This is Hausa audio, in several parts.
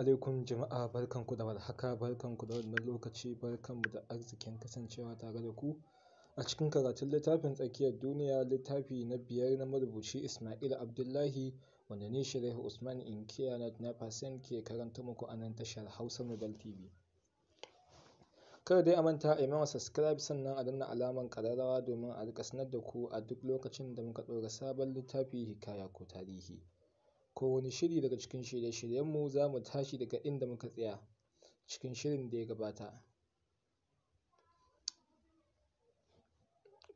alaikum jama'a barkanku da warhaka ku da wannan lokaci mu da arzikin kasancewa tare da ku a cikin karatun littafin tsakiyar duniya littafi na biyar na marubuci Ismail Abdullahi wanda ni Shiraihu Usman Inkiya na Nafasen ke karanta muku a nan tashar Hausa Nobel TV kada dai a manta a yi mana subscribe sannan a danna alamar ƙararrawa domin a riƙa sanar da ku a duk lokacin da muka ɗora sabon littafi hikaya ko tarihi ko wani shiri daga cikin shirye-shiryenmu za mu tashi daga inda muka tsaya cikin shirin da ya gabata.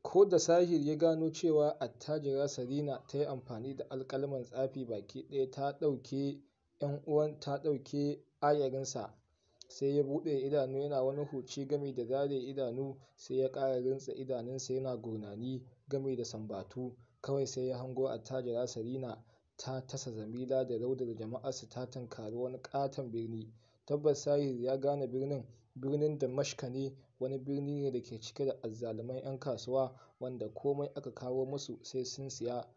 Ko da sahir ya gano cewa attajira Sarina ta yi amfani da alkalaman tsafi baki ɗaya ta ɗauke ‘yan uwan ta ɗauke ayarinsa, sai ya buɗe idanu yana wani huci gami da zare idanu sai ya ƙara rintsa idanunsa yana gurnani gami da sambatu, kawai sai ya hango attajira Sarina ta tasa zamila da raudar da su ta tunkari wani katon birni. Tabbas Sahir ya gane birnin, birnin Damaschka ne, wani birni ne da ke cike da azzaluman 'yan kasuwa wanda komai aka kawo musu sai sun siya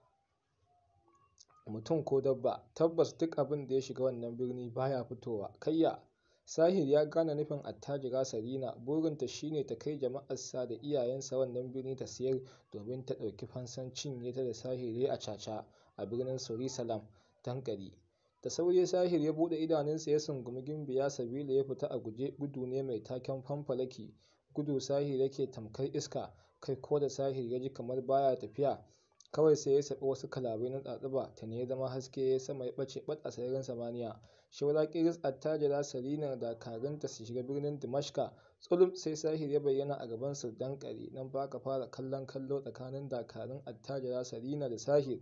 mutum ko dabba. Tabbas duk abin da ya shiga wannan birni baya fitowa. Kayya! Sahir ya gane nufin attajira Sarina, burinta shine ta kai jama'arsa da iyayensa wannan birni ta siyar domin ta ɗauki fansan cinye ta da Tahir ya yi caca. a birnin surisalam Dankari. Da sauri sahir ya buɗe idanunsa ya sungumi gimbiya Sabila ya fita a guje gudu ne mai taken fanfalaki, gudu sahir yake tamkar iska, kai ko da sahir ya ji kamar baya tafiya, kawai sai ya saɓi wasu kalabai na tsatsuba ta ne ya zama haske ya sama ya ɓace ɓat a sararin samaniya. Shaura kiris attajira da karinta su shiga birnin Dimashka, tsulum sai sahir ya bayyana a gaban Dankari, nan ba ka fara kallon kallo tsakanin dakarun attajira Sarina da sahir.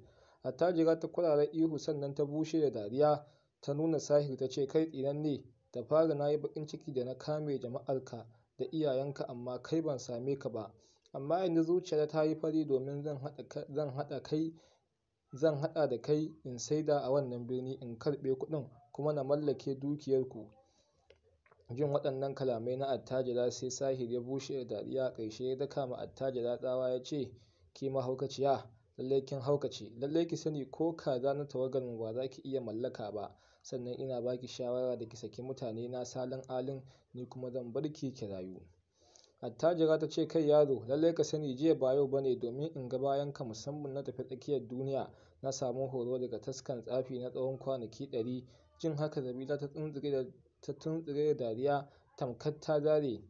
attajira ta kurara ihu sannan ta bushe da dariya ta nuna Sahir ta ce kai ne da fara na yi bakin ciki da na kame jama'arka da iyayenka amma kai ban same ka ba amma yanzu zuciyar ta yi fari domin zan haɗa kai zan haɗa da kai in saida a wannan birni in karɓe kuɗin kuma na mallake dukiyarku jin waɗannan kalamai na attajira sai Sahir ya bushe da dariya ƙarshe ya daka ma attajira tsawa ya ce ke mahaukaciya Lallai kin hauka ce lallai ki sani ko kaza na tawagar mu ba za ki iya mallaka ba, sannan ina baki shawara da ki saki mutane na salin alin ni kuma zan bar ki ki rayu. Attajira ta ce kai yaro lallai ka sani jiya ba yau bane domin in ga bayan ka musamman na tafi tsakiyar duniya na samu horo daga taskan tsafi na tsawon kwanaki ɗari. Jin haka Zabila ta tuntsire da dariya tamkar ta dare.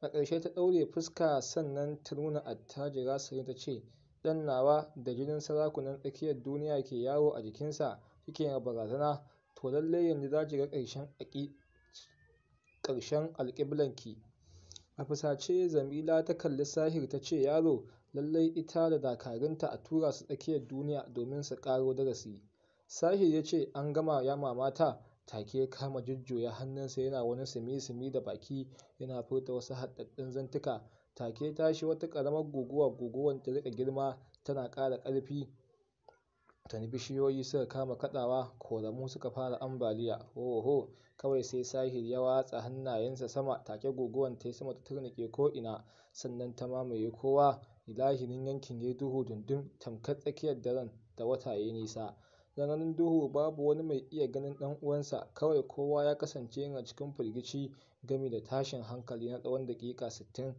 A ƙarshe ta ɗaure fuska sannan ta nuna attajira sai ta ce ɗan nawa da jinin sarakunan tsakiyar duniya ke yawo a jikinsa suke yin barazana, to lallai yanzu za ki ga ƙarshen ki? A fusace Zamila ta kalli Sahir ta ce yaro, lallai ita da dakarunta a tura su tsakiyar duniya domin su ƙaro darasi. Sahir ya ce an gama ya mamata, take ya kama jujjuya hannunsa yana wani sumi-sumi da baki yana furta wasu haɗaɗɗun zantuka. take tashi wata karamar guguwa guguwar ta riƙa girma tana ƙara ƙarfi tuni bishiyoyi suka kama kaɗawa koramu suka fara ambaliya oho kawai sai sahir ya watsa hannayensa sama take guguwan ta yi sama ta turnike ko'ina sannan ta mamaye kowa ilahirin yankin ya duhu dundun tamkar tsakiyar daren da wata ya yi nisa tsananin duhu babu wani mai iya ganin ɗan uwansa kawai kowa ya kasance yana cikin firgici gami da tashin hankali na tsawon daƙiƙa sittin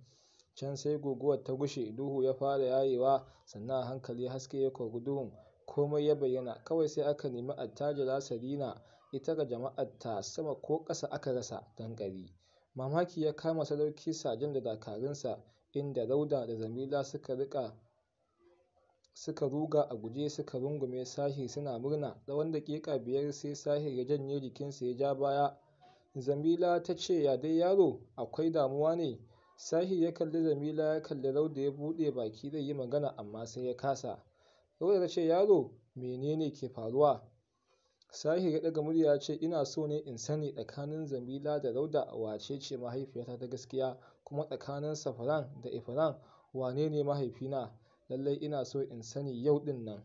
can sai guguwar ta gushe duhu ya fara yayewa sannan a hankali haske ya kogu duhun komai ya bayyana kawai sai aka nemi attajira asarina ita ga jama'ar ta sama ko ƙasa aka rasa dankali. mamaki ya kama sadauki Sajan da dakarunsa inda rauda da Zamila suka rika suka ruga a guje suka rungume sahi suna murna tsawon daƙiƙa biyar sai sahi ya janye jikinsa ya ja baya Zamila ta ce ya dai yaro akwai damuwa ne Sahi ya kalli Jamila ya kalli Rauda ya buɗe baki zai yi magana amma sai ya kasa. rauda ta ce, Yaro, menene ke faruwa? Sahi ya daga murya ya ce, Ina so ne in sani tsakanin Jamila da Rauda wace ce mahaifiyata ta gaskiya kuma tsakanin safran da ifran wane ne mahaifina? Lallai ina so in sani yau din nan.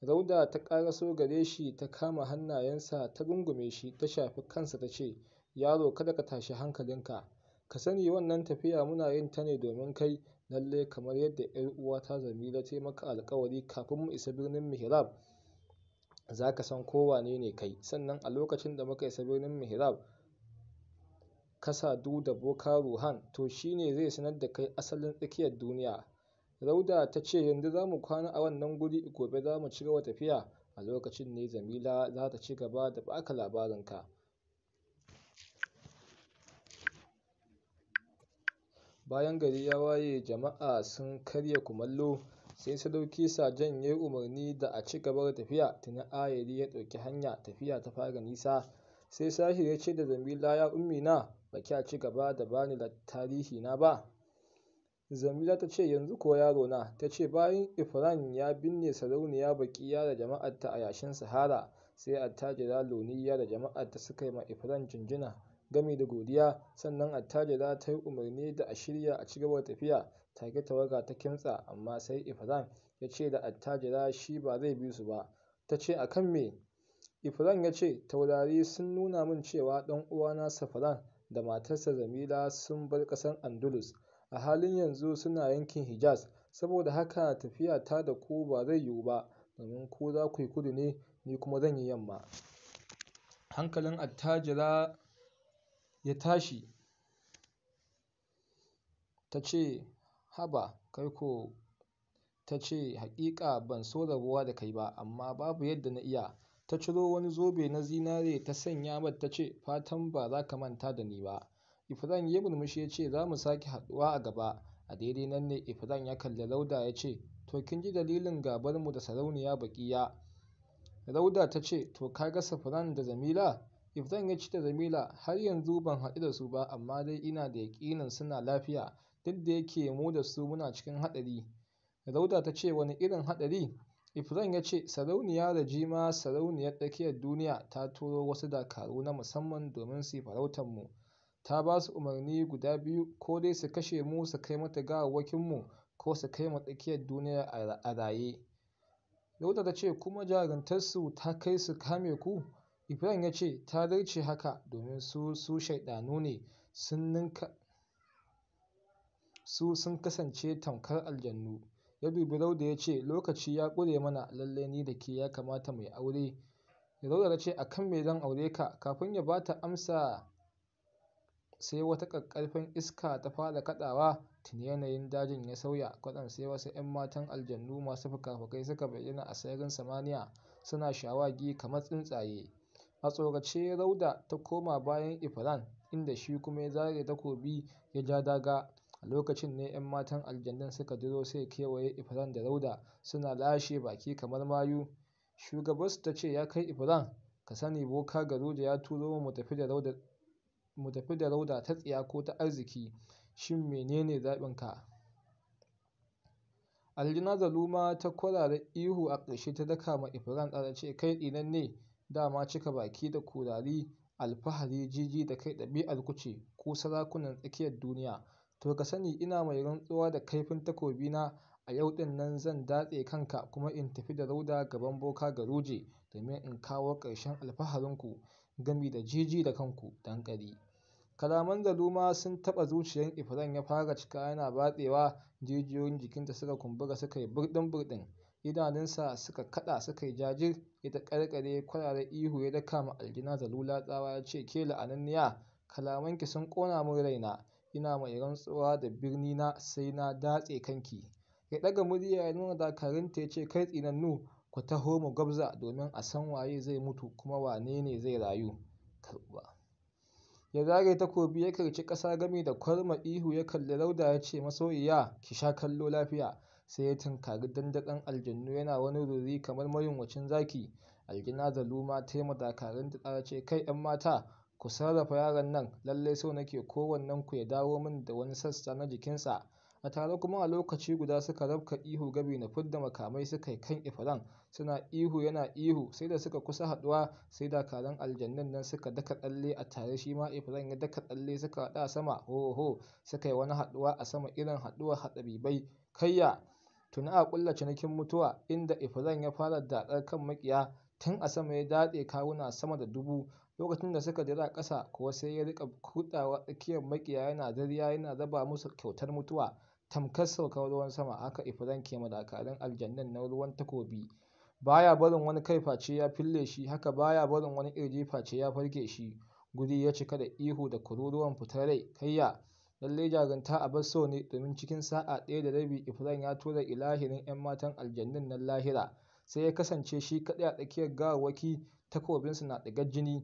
Rauda ta ƙaraso gare shi ta kama hannayensa ta rungume shi ta shafi kansa ta ce, Yaro kada ka tashi hankalinka. Ka sani wannan tafiya muna yin ta ne domin kai, lalle kamar yadda 'yar uwata zamila ta maka alƙawari kafin mu isa birnin Mihrab za ka san ko wane ne kai. Sannan a lokacin da muka isa birnin Mihrab, ka sadu da boka Ruhan, to shi ne zai sanar da kai asalin tsakiyar duniya. Rauda ta ce yanzu za mu kwana a wannan guri, gobe za mu cigaba tafiya. A lokacin ne zamila za ta ci gaba da ba ka labarinka. Bayan gari ya waye jama'a sun karya kumallo, sai Sadauki Sajan ya yi umarni da a ci gaba da tafiya, tuni Ayari ya ɗauki hanya, tafiya ta fara nisa, sai sahir ya ce da Jamila ya Ummina ba kya ci gaba da ba ni na ba? Jamila ta ce yanzu ko yaro na ta ce bayan ifran ya binne Sarauniya ya da jama'arta a yashin Sahara, sai attajira loniya da jama'ar ta suka yi ma ifran jinjina. gami da godiya, sannan attajira ta yi umarni da a shirya a ci gaba da tafiya. Take tawaga ta kintsa, amma sai ifran ya ce da attajira shi ba zai bi su ba. Ta ce, A kan me? ifran ya ce, Taurari sun nuna min cewa dan uwana Safran da matarsa Zamila sun bar ƙasar Andalus, a halin yanzu suna yankin Hijaz, saboda haka tafiya ta da ku ba zai yiwu ba, domin ku za ku yi kudu ne, ni kuma zan yi yamma. Hankalin attajira ya tashi ta ce, "Haba kai ko" ta ce, "Haƙiƙa ban so rabuwa da kai ba amma babu yadda na iya." Ta ciro wani zobe na zinare ta sanya mata ta ce, "Fatan ba za ka manta da ni ba." Ifran ya murmushi ya ce, "Za mu sake haɗuwa a gaba." A daidai nan ne Ifran ya kalli Rauda ya ce, "To kin ji dalilin gabarmu da Sarauniya Baƙiya?" Rauda ta ce, "To ka ga Safran da Jamila? Ibsen ya ce da Jamila har yanzu ban haɗu da su ba amma dai ina da yaƙinin suna lafiya duk da yake mu da su muna cikin haɗari. Rauda ta ce wani irin haɗari? Ifran ya ce Sarauniya da jima Sarauniyar Tsakiyar Duniya ta turo wasu dakaru na musamman domin su yi mu Ta ba su umarni guda biyu ko dai su kashe mu su kai mata mu ko su kai mu tsakiyar duniya a raye. Rauda ta ce kuma jaruntarsu ta kai su kame ku? Ibrahim ya ce ta darce haka domin su su shaiɗanu ne su sun kasance tamkar aljannu. Ya dubi Dauda ya ce, lokaci ya ƙure mana lallai ni da ke ya kamata mai aure. Dauda ta ce, a kan me zan aure ka? Kafin ya ba ta amsa sai wata ƙaƙƙarfar iska ta fara kaɗawa, tuni yanayin dajin ya sauya, kwaɗan sai wasu ‘yan matan aljannu masu fuka-fukai suka bayyana a sararin samaniya, suna shawagi kamar tsuntsaye. A tsorace Rauda ta koma bayan Ifran inda shi kuma ya zare takobi ya ja daga. A lokacin ne 'yan matan aljannan suka diro sai kewaye Ifran da Rauda, suna lashe baki kamar mayu. Shugabarsu ta ce, “Ya kai ifran ka sani boka da ya turo mu mu tafi da Rauda ta tsiya ko ta arziki, shin menene ne zaɓinka?” aljina zaluma ta kwarara ihu a ƙarshe ta daka ma Ifran tsarace ce, “Kai tsinanne!” Dama cika baki da kurari, alfahari, jiji da kai ɗabi'ar ku ce, ku sarakunan tsakiyar duniya. To ka sani ina mai rantsuwa da kaifin takobi na a yau ɗin nan zan datse kanka kuma in tafi da Rauda gaban Boka ga Garuje domin in kawo ƙarshen alfaharinku gami da jiji da kanku, danƙari. Kalaman luma sun taɓa zuciyan ifiran ya fara cika yana batsewa, jijiyoyin jikinta suka kumbura suka yi burɗin burɗin idanunsa suka kaɗa suka yi jajir ya ta karkare kwararen ihu ya daka ma aljina zalula tsawa ya ce ke la'ananniya kalamanki sun kona min raina ina mai rantsuwa da birni na sai na datse kanki ya ɗaga murya ya nuna dakarunta ya ce kai tsinannu ku taho mu gwabza domin a san waye zai mutu kuma wane ne zai rayu karɓa ya zage takobi ya karci ƙasa gami da kwarma ihu ya kalli rauda ya ce masoyiya ki sha kallo lafiya sai ya tunkari dandakan aljannu yana wani ruri kamar mayunwacin zaki. da luma ta yi ma dakarunta tsara ce, kai ‘yan mata, ku sarrafa yaron nan, lallai so nake ku ya dawo min da wani sassa na jikinsa. A tare kuma a lokaci guda suka rabka ihu gabi na fidda makamai suka yi kan Ifiran, suna ihu yana ihu, sai da suka kusa haduwa sai dakaran aljannun nan suka daka tsalle a tare shi ma Ifiran ya daka tsalle suka hada a sama, hoho, suka yi wani haduwa a sama irin haɗuwar haɗabibai. Kayya! Tuni a ƙulla cinikin mutuwa, inda ifiran ya fara datsar kan maƙiya tun a sama ya datse kawuna sama da dubu, lokacin da suka jira ƙasa kuwa sai ya riƙa kutsawa tsakiyar maƙiya yana dariya yana zaba musu kyautar mutuwa, tamkar saukar ruwan sama. Haka Effiong ke ma aljannan na ruwan takobi, baya barin wani kai face ya fille shi, haka baya barin wani ƙirji face ya farge shi. Guri ya cika da ihu da kururuwan fitar rai, kayya! Lallai jarunta a so ne, domin cikin sa'a ɗaya da rabi ifran ya tura ilahirin ‘yan matan aljannin nan lahira, sai ya kasance shi kaɗai a tsakiyar gawawwaki, takobinsu na ɗigar jini.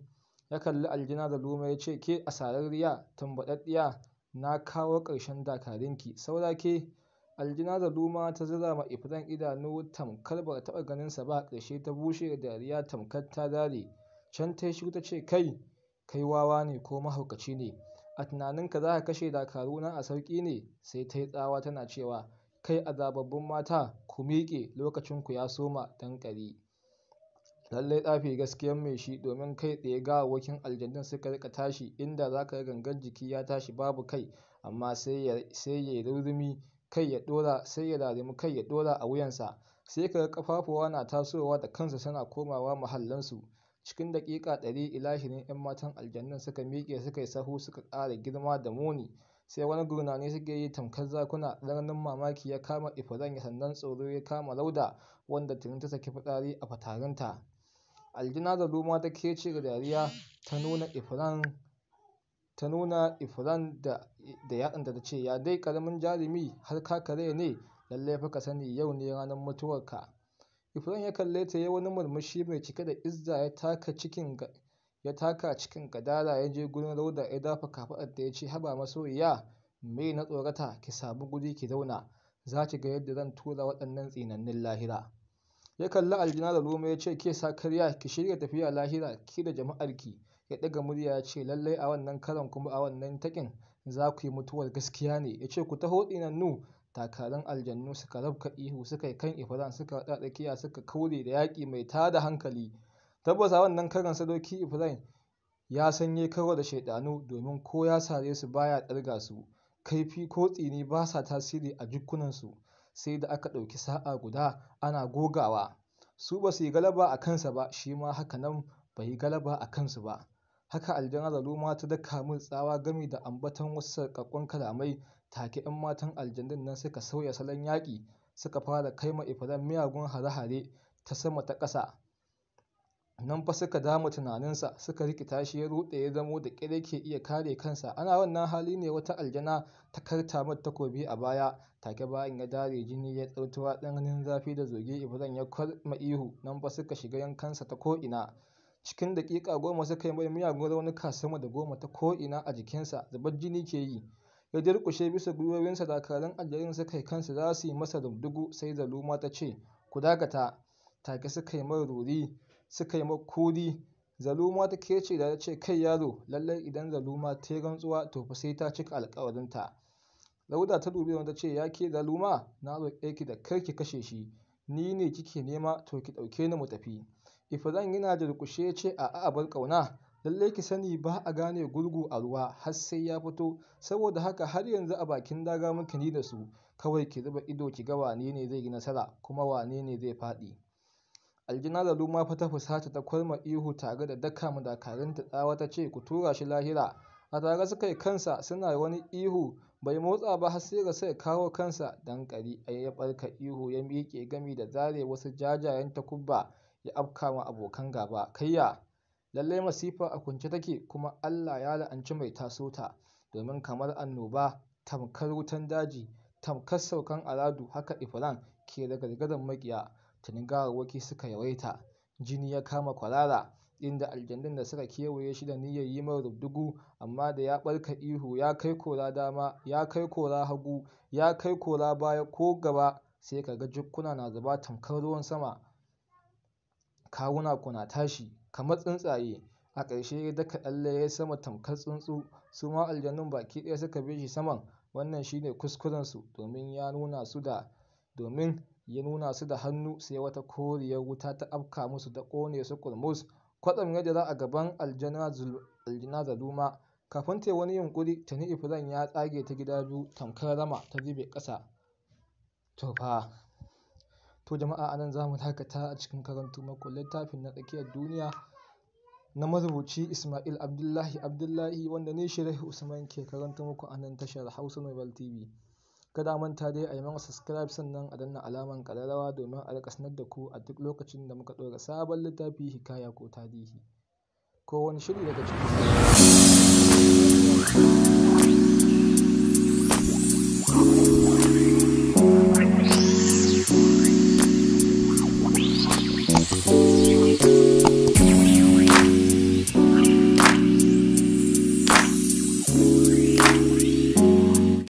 Ya kalli da Luma ya ce, Ke a sararriya? tambaɗaɗɗiya, na kawo ƙarshen dakarinki saura ke. da Luma ta zira ma ifran idanu tamkar ba ta taɓa ganinsa ba, ƙarshe ta bushe da dariya tamkar ta dare. Can ta yi ta ce, Kai, kai wawa ne ko mahaukaci ne, a tunaninka za ka kashe dakaru dakaruna a sauki ne? Sai ta yi tsawa tana cewa, Kai a azababbun mata, ku miƙe, lokacinku ya soma ƙari Lallai tsafi gaskiyan mai shi, domin kai tsaye gawawwakin aljanun suka rika tashi, inda za ka ga gangar jiki ya tashi babu kai, amma sai ya rurumi kai ya dora sai ya rarumi kai ya ɗora a wuyansa, sai ka ga ƙafafuwa na tasowa da kansa suna komawa mahallansu. Cikin daƙiƙa ɗari ila ashirin ‘yan matan aljannun suka miƙe suka yi sahu suka ƙara girma da muni, sai wani gurnani suka yi tamkar zakuna, tsananin mamaki ya kama ifiran ya sannan tsoro ya kama lauda wanda tuni ta saki fitsari a fatarinta. da Zaruma ta kece da dariya ta nuna ifiran da yatsanta ta ce, ‘Ya dai ƙaramin jarumi, har ka kare ne? Lallai fa ka sani yau ne ranar mutuwarka. Ibrahim ya kalle ta yi wani murmushi mai cike da izza ya taka cikin ya taka cikin gadara ya je gurin Rauda ya dafa da ya ce haba masoyiya me na tsorata ki samu guri ki zauna za ki ga yadda zan tura waɗannan tsinannun lahira. Ya kalli aljina da Roma ya ce ke sa karya ki shirya tafiya lahira ki da jama'arki ya ɗaga murya ya ce lallai a wannan karon kuma a wannan takin za ku yi mutuwar gaskiya ne ya ce ku taho tsinannu takalan aljannu suka rabka ihu suka yi kan Ifran suka haɗa tsakiya suka kaure da yaƙi mai tada hankali tabbas a wannan karan sadauki Ifran ya sanye karo da shaiɗanu domin ko ya sare su baya ɗarga su kaifi ko tsini ba sa tasiri a jikunansu sai da aka ɗauki sa'a guda ana gogawa su ba su yi galaba a kansa ba shi ma haka nan bai yi galaba a kansu ba haka aljanar Ruma ta daka min tsawa gami da ambaton wasu sarƙaƙon kalamai take 'yan matan aljandun nan suka sauya salon yaƙi suka fara kai ma ifiran miyagun hare-hare ta sama ta ƙasa. Nan fa suka dama tunaninsa suka rikita shi ya ruɗe ya zamo da ƙere ke iya kare kansa ana wannan hali ne wata aljana ta karta mata takobi a baya take bayan ya dare jini ya tsirtura tsananin zafi da zoge ifiran ya kwarma ihu nan fa suka shiga yankansa ta ko'ina. Cikin daƙiƙa goma suka yi mai miyagun raunuka sama da goma ta ko'ina a jikinsa zubar jini ke yi. ya durƙushe bisa gwiwowinsa dakarun aljanin suka yi kansa za su yi masa rubdugu sai zaluma ta ce ku dakata take suka yi mar ruri suka yi mar zaluma ta ke ce da ta ce kai yaro lallai idan zaluma ta yi rantsuwa to fa sai ta cika alƙawarinta lauda ta dubi wanda ce ya ke zaluma na roƙe ki da kar ki kashe shi ni ne kike nema to ki ɗauke ni mu tafi Ifiran yana durƙushe ya ce a bar ƙauna Lallai ki sani ba a gane gurgu a ruwa har sai ya fito, saboda haka har yanzu a bakin daga muka ni da su, kawai ki zuba ido ki ga wane ne zai yi nasara kuma wane ne zai faɗi. aljina da fa ta fusata ta kwarma ihu tare da daka ma ta tsawa ta ce, ku tura shi lahira. A tare suka yi kansa suna wani ihu, bai motsa ba har sai ga sai kawo kansa, danƙari ai ya barka ihu ya miƙe gami da zare wasu jajayen takubba ya afka ma abokan gaba, kayya! lallai masifa a kunce take kuma Allah ya la'anci mai taso ta, domin kamar annoba, tamkar wutan daji, tamkar saukan aladu haka Efraim ke gargadan maƙiya, tuni gawawwaki suka yawaita, jini ya kama kwarara, inda aljannun da suka kewaye shi da niyyar yi mai rubdugu, amma da ya barka ihu ya kai kora dama, ya kai kora hagu, ya kai kora baya ko gaba, sai ka ga jukkuna na zuba tamkar ruwan sama, kawuna kuna tashi, kamar tsuntsaye a ƙarshe ya daka tsalle ya yi sama tamkar tsuntsu su ma aljanun baki ɗaya suka bi shi saman wannan shi ne kuskurensu domin ya nuna su da domin ya nuna su da hannu sai wata koriyar wuta ta afka musu da ƙone su kurmus kwatsam ya za a gaban aljana zaluma kafin ta yi wani yunƙuri tuni ifiran ya tsage ta gida biyu tamkar rama ta zube ƙasa to fa To jama'a anan za mu dakata a cikin karanto muku littafin na tsakiyar duniya na marubuci Ismail Abdullahi Abdullahi wanda ne shi rahi Usman ke karanta muku a nan tashar Hausa Nobel TV. Kada manta dai a yi mana subscribe sannan a danna alaman kararrawa domin a rika sanar da ku a duk lokacin da muka ɗora sabon littafi hikaya ko tarihi ko wani shiri daga cikin